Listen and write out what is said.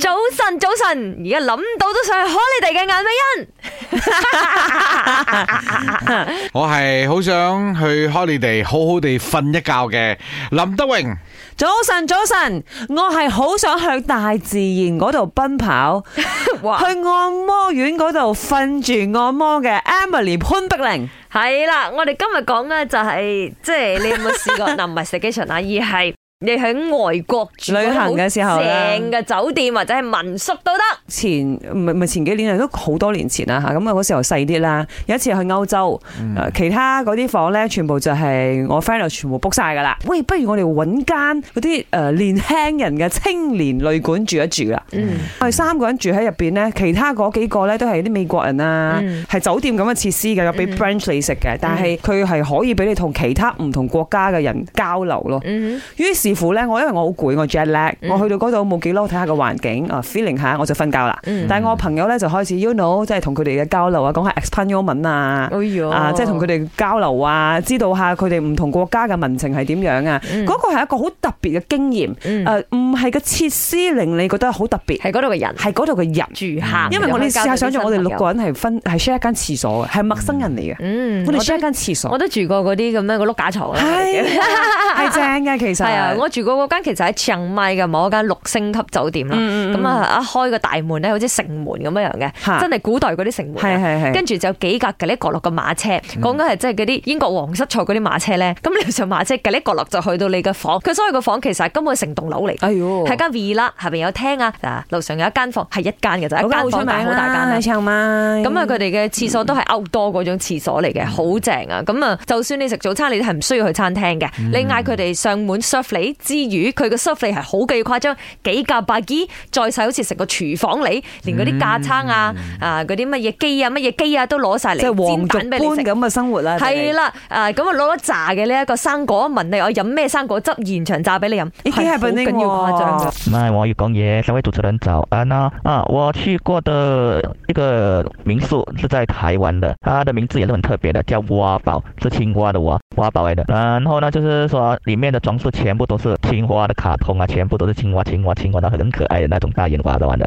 早晨，早晨，而家諗到都想去開你哋嘅眼尾欣， 我係好想去開你哋好好地瞓一覺嘅林德榮。早晨，早晨，我係好想去大自然嗰度奔跑， 去按摩院嗰度瞓住按摩嘅 Emily 潘碧玲。係 啦，我哋今日講嘅就係、係、即係你有冇試過？嗱、 啊，唔係食 station 啊，而係。你喺外國旅行嘅時候啦，訂嘅酒店或者係民宿都得。前唔係唔咪前幾年啊，都好多年前啦吓，咁啊嗰時候細啲啦。有一次去歐洲，嗯、其他嗰啲房咧，全部就係我 friend 啊，全部 book 晒噶啦。喂，不如我哋揾間嗰啲誒年輕人嘅青年旅館住一住啦。嗯，我哋三個人住喺入邊咧，其他嗰幾個咧都係啲美國人啊，係、嗯、酒店咁嘅設施嘅，有俾 breakfast 你食嘅，但係佢係可以俾你同其他唔同國家嘅人交流咯。嗯哼，於是乎咧，我因為我好攰，我 jet lag，我去到嗰度冇幾耐，睇下個環境啊，feeling 下我就瞓。嗯、但係我朋友咧就開始，you know，即係同佢哋嘅交流啊，講下 expand your 文啊、哎，啊，即係同佢哋交流啊，知道下佢哋唔同國家嘅民情係點樣啊，嗰、嗯嗰個係一個好特別嘅經驗，唔、嗯、係、呃、個設施令你覺得好特別，係嗰度嘅人，係嗰度嘅人，人住客、嗯。因為我哋試下想象，我哋六個人係分係 share 一間廁所嘅，係陌生人嚟嘅、嗯，我哋 share 一間廁所，我都住過嗰啲咁樣個碌架床。係係 正嘅，其實係啊，我住過嗰間其實喺清邁嘅某一間六星級酒店啦，咁、嗯、啊、嗯嗯、一開個大。門咧，好似城門咁樣樣嘅，真係古代嗰啲城門、啊。跟住就有幾架格喱角落個馬車，講緊係即係嗰啲英國皇室坐嗰啲馬車咧。咁你上馬車格喱角落就去到你嘅房，佢所謂個房其實根本成棟樓嚟，係間 villa，下邊有廳啊，樓上有一間房係一間嘅啫，一間那個，好大間，好大間，好大間。咁啊，佢哋嘅廁所都係 outdoor 嗰種廁所嚟嘅，好、嗯、正啊！咁啊，就算你食早餐，你都係唔需要去餐廳嘅，嗯、你嗌佢哋上門 serve 你之餘，佢個 serve 你係好嘅誇張，幾架百幾再細，好似食個廚房。連啊嗯啊啊啊、你連嗰啲架撐啊啊嗰啲乜嘢機啊乜嘢機啊都攞晒嚟煎品俾你食。即係黃竹潘咁嘅生活啦、啊。係啦，誒咁啊攞粒、啊啊啊、炸嘅呢一個生果問你，我飲咩生果汁現場榨俾你飲。已經你好緊要誇張噶。唔、嗯、係、啊、我要講嘢，三位主持人早安啦。啊，我去過的一個民宿是在台灣的，它的名字也是很特別的，叫蛙堡，是青蛙的蛙，蛙堡嚟的、啊。然後呢，就是說裏面的裝飾全部都是青蛙的卡通啊，全部都是青蛙，青蛙，青蛙，都很可愛嘅那種大眼蛙咁玩嘅。